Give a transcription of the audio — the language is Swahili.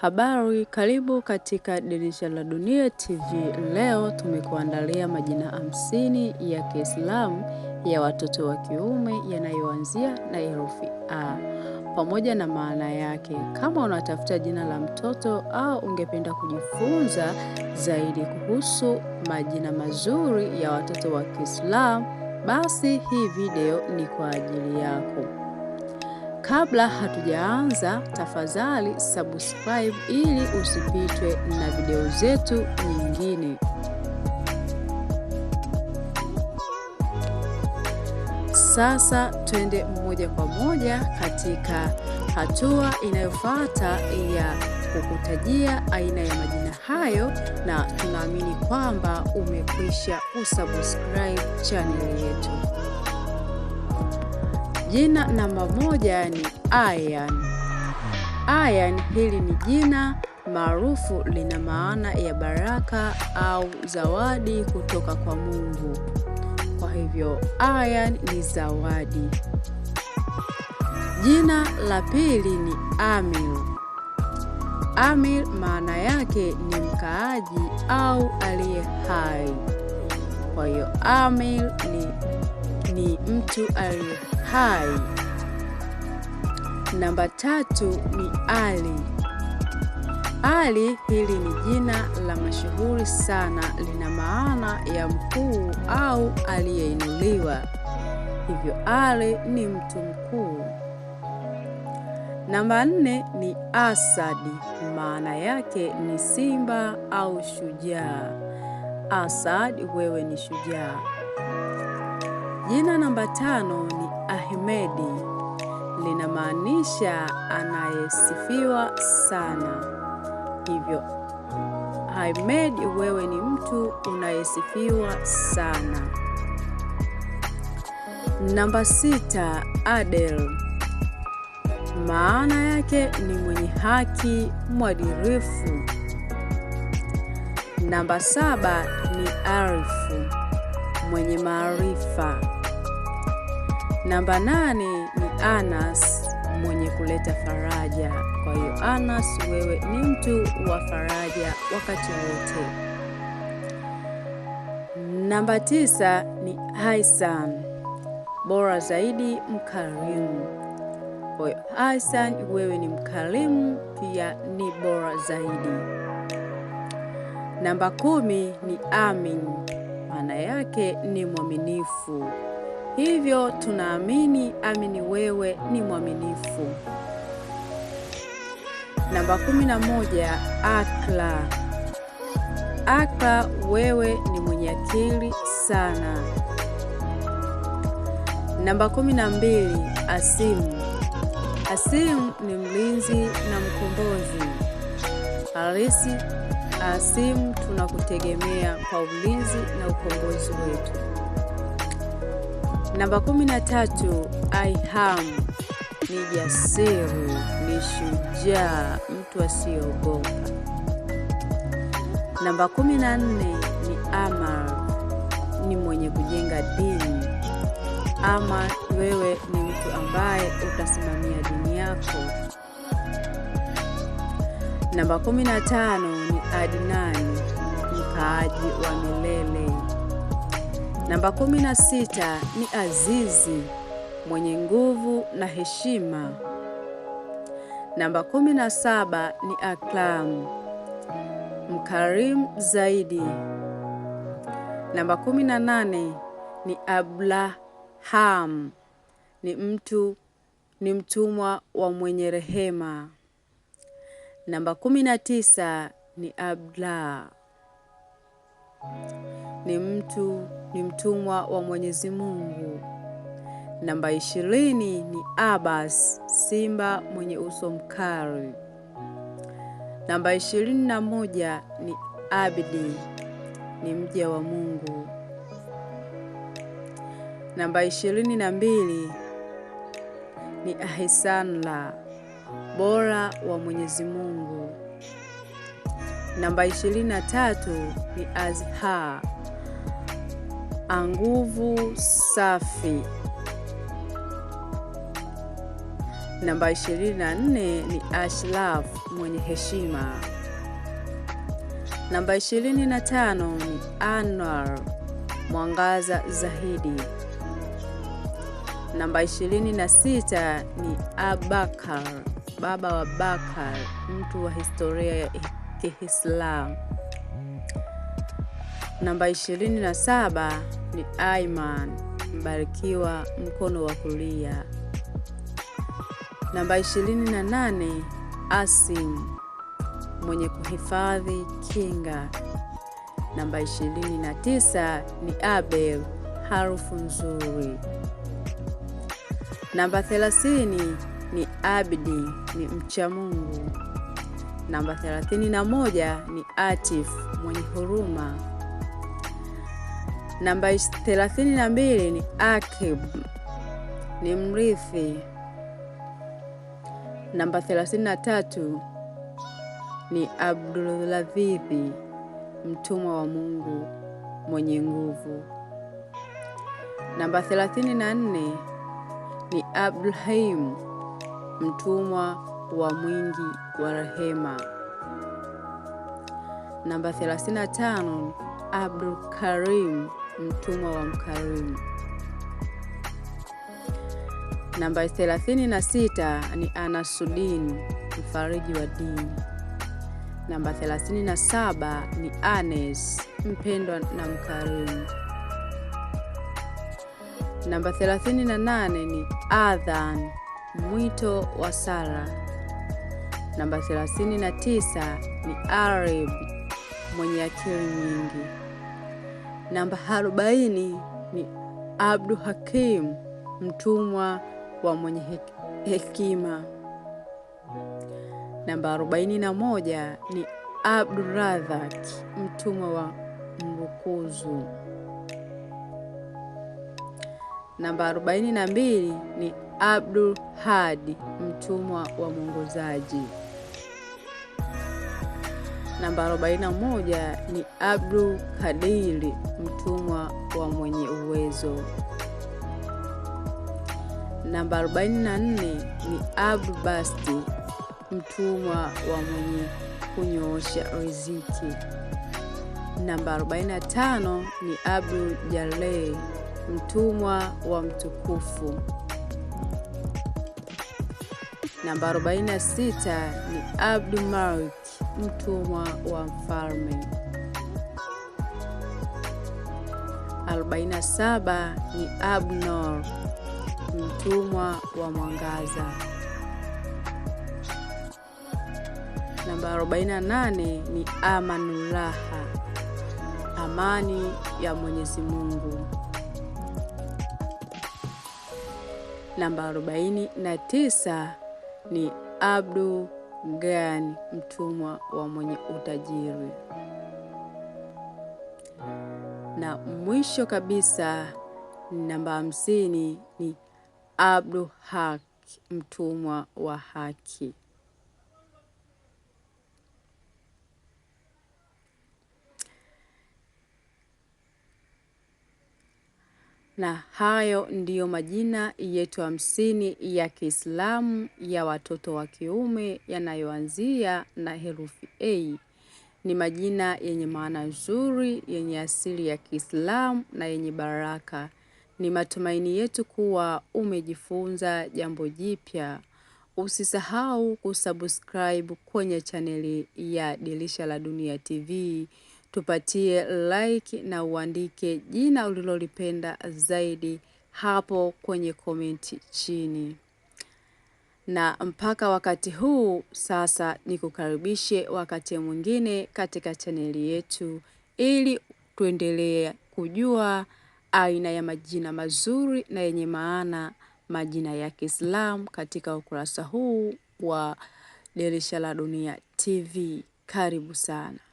Habari, karibu katika Dirisha la Dunia TV. Leo tumekuandalia majina hamsini ya Kiislamu ya watoto wa kiume yanayoanzia na herufi A pamoja na maana yake. Kama unatafuta jina la mtoto au ungependa kujifunza zaidi kuhusu majina mazuri ya watoto wa Kiislamu, basi hii video ni kwa ajili yako. Kabla hatujaanza, tafadhali subscribe ili usipitwe na video zetu nyingine. Sasa twende moja kwa moja katika hatua inayofuata ya kukutajia aina ya majina hayo, na tunaamini kwamba umekwisha kusubscribe chaneli yetu. Jina namba moja ni Ayan. Ayan hili ni jina maarufu, lina maana ya baraka au zawadi kutoka kwa Mungu. Kwa hivyo Ayan ni zawadi. Jina la pili ni Amil. Amil maana yake ni mkaaji au aliye hai. Kwa hiyo Amil ni ni mtu aliye hai. Namba tatu ni Ali. Ali hili ni jina la mashuhuri sana, lina maana ya mkuu au aliyeinuliwa, hivyo Ali ni mtu mkuu. Namba nne ni Asadi, maana yake ni simba au shujaa. Asad, wewe ni shujaa. Jina namba tano ni Ahmedi, linamaanisha anayesifiwa sana. Hivyo Ahmed, wewe ni mtu unayesifiwa sana. Namba sita, Adel, maana yake ni mwenye haki, mwadilifu. Namba saba ni Arifu mwenye maarifa. Namba nane ni Anas mwenye kuleta faraja. Kwa hiyo Anas, wewe ni mtu wa faraja wakati wote. Namba tisa ni haisan bora zaidi, mkarimu. Kwa hiyo Haisam, wewe ni mkarimu pia ni bora zaidi. Namba kumi ni Amin maana yake ni mwaminifu. Hivyo tunaamini amini wewe ni mwaminifu. Namba 11 akla. Akla, wewe ni mwenye akili sana. Namba 12 asimu. Asimu ni mlinzi na mkombozi halisi Ah, simu tunakutegemea kwa ulinzi na ukombozi wetu. Namba 13, IHAM ni jasiri, ni shujaa, mtu asiyeogopa. Namba 14 ni ama, ni mwenye kujenga dini. Ama wewe ni mtu ambaye utasimamia dini yako. Namba 15 Adnan, mkaaji wa milele. Namba 16 ni Azizi, mwenye nguvu na heshima. Namba 17 ni aklam mkarimu zaidi. Namba 18 ni Abraham, ni mtu ni mtumwa wa mwenye rehema. Namba 19 ni Abla, ni mtu ni mtumwa wa Mwenyezi Mungu. Namba ishirini ni Abbas, simba mwenye uso mkali. Namba ishirini na moja ni Abdi, ni mja wa Mungu. Namba ishirini na mbili ni ahisanla bora wa Mwenyezi Mungu. Namba 23 ni Azha, anguvu safi. Namba 24 ni Ashlaf, mwenye heshima. Namba 25 ni Anwar, mwangaza zaidi. Namba 26 ni Abakar, baba wa Bakar, mtu wa historia ya Kiislamu. Namba 27 ni Aiman Mbarikiwa, mkono wa kulia. Namba 28 Asim mwenye kuhifadhi kinga. Namba 29 ni Abel, harufu nzuri. Namba 30 ni Abdi, ni mcha Mungu. Namba 31 ni atif, mwenye huruma. Namba 32 ni akib, ni mrithi. Namba 33 ni abdulazizi, mtumwa wa Mungu, mwenye nguvu. Namba 34 ni abdulhaim, mtumwa wa mwingi wa rehema. Namba 35, Abdul Karim, mtumwa wa mkarimu. Namba 36 ni Anasudin, mfariji wa dini. Namba 37 ni Anes, mpendwa na mkarimu. Namba 38 ni Adhan, mwito wa sara Namba 39 ni Arab, mwenye akili nyingi. Namba 40 ni Abdu Hakim, mtumwa wa mwenye hekima. Namba 41 ni Abduradhak, mtumwa wa mbukuzu. Namba 42 ni Abdul Hadi, mtumwa wa mwongozaji. Namba 41 ni Abdul Kadiri, mtumwa wa mwenye uwezo. Namba 44 ni Abdul Basti, mtumwa wa mwenye kunyoosha riziki. Namba 45 ni Abdul jale mtumwa wa mtukufu. Namba 46 ni Abdul Malik mtumwa wa mfalme. 47 ni Abnor, mtumwa wa mwangaza. Namba 48 ni Amanullaha, amani ya Mwenyezi Mungu. Namba 49 ni Abdu gani mtumwa wa mwenye utajiri. Na mwisho kabisa, namba hamsini ni Abdu Haki, mtumwa wa haki. Na hayo ndiyo majina yetu hamsini ya Kiislamu ya watoto wa kiume yanayoanzia na herufi A. Ni majina yenye maana nzuri, yenye asili ya Kiislamu na yenye baraka. Ni matumaini yetu kuwa umejifunza jambo jipya. Usisahau kusubscribe kwenye chaneli ya Dirisha la Dunia TV tupatie like na uandike jina ulilolipenda zaidi hapo kwenye komenti chini. Na mpaka wakati huu sasa, nikukaribishe wakati mwingine katika chaneli yetu, ili tuendelee kujua aina ya majina mazuri na yenye maana, majina ya Kiislamu katika ukurasa huu wa Dirisha la Dunia TV. Karibu sana.